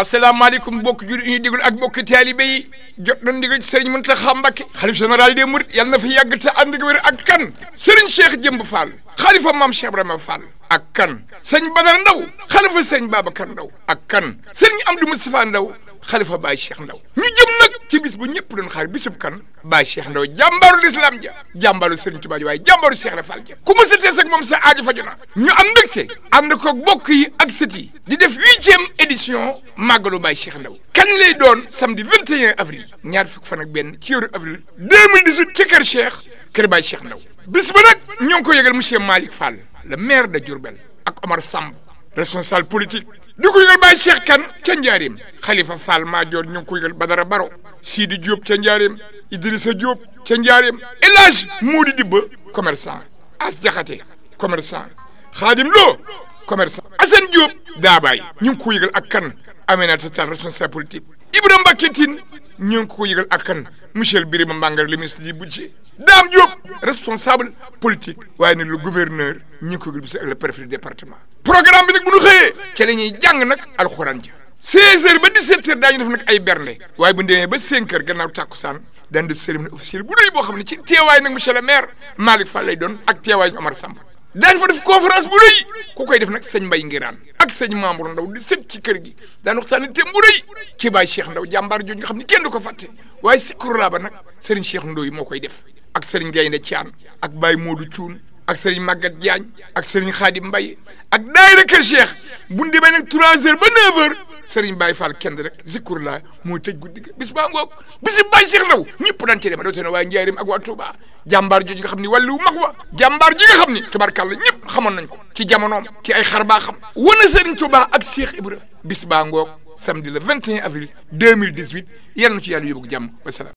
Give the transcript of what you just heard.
asalaamaaleykum bokk jur yi ñuy déglu ak bokk taalibe yi jot na ndigal ci sëriñ Mountakha Mbacké xalif général des mourides yal na fi yàgg te ànd ak wér ak kan sëriñ Cheikh Jëmb Fall xalifa maam Cheikh Ibrahima Fall ak kan sëñ Badar Ndaw xalifa sëriñ Babacar Ndaw ak kan sëriñ Amdou Moustapha Ndaw Khalifa Baye Cheikh Ndaw ñu jëm nak ci bis bu ñëpp doon xaar bisub kan Baye Cheikh Ndaw jambarul islam ja jàmbaaru Serigne Touba ji waaye Cheikh Ibra Fall ja ku ma sa ak mom sa aajo faju na ñu am mbégte ànd ko bokk yi ak sët di def 8e édition màggalu Baye Cheikh Ndaw kan lay doon samedi 21 avril ñaar fuk fan ak ben ci weeru avril 2018 ci kër Cheikh kër Baye Cheikh Ndaw bis ba nag ñoo ko yëgal monsieur Malik Fall le maire de Diourbel ak Omar Samb responsable politique di ko yëgal Baye kan ca Njaareem Khalifa Fall Madior ñu ngi ko yëgal Badara Baro Sidi Diop ca Njaareem Idrissa Diop ca Njaareem El Hadj Moudi Dibba commerçant As Jaxate commerçant Khadim Lo commerçant Assane Diop daabaay ñu ngi ko yëgal ak kan Aminata Tall responsable politique Ibra Mbacké Tine ñu ngi ko yëgal ak kan monsieur Birima Mbangar le ministre yi budget Dame Diop responsable politique waaye ne lu gouverneur ñu ngi ko yëgal bis ak le préfet du département bi nag bu ñu xëyee ca la ñuy jàng nag alxuraan ja 16 heures ba 17 heures daañu def nag ay bernde waaye bu ñu demee ba 5 heures gannaaw tàkkusaan daan def cérémonie officielle bu rëy boo xam ne ci teewaay nag monsieur le maire Malick Fall lay doon ak teewaay Omar Samb daañu fa def conférence bu rëy koy def nag sëñ Mbay Ngiraan ak sëñ Mamour Ndaw di sët ci kër gi daan waxtaane tem bu rëy ci Baay Cheikh Ndaw jàmbaar jooju nga xam ne kenn du ko fàtte waaye sikkurulaa ba nag sëriñ Cheikh moo koy def ak sëriñ Gaynde Caan ak Baay Moodu Cuun ak sëriñ Maguette Diagne ak sëriñ Xaadim Mbay ak daayira kër Cheikh bu ñu demee nag trois ba neuf sëriñ Baye Fall kenn rek zikkur laa mooy tëj guddi ga bis baa ngoog bisi Baye Cheikh Ndaw ñëpp dañ ci ak waa Touba jàmbaar jooju nga xam ni wàllu mag wa jàmbaar ji xam ni tabarkàlla ñëpp xamoon nañ ko ci jamonoom ci ay xar baa xam wana sëriñ Touba ak Cheikh Ibra bis baa ngoog samedi le 21 avril 2018 yal na ci yàlla yóbbu jàmm wasalaam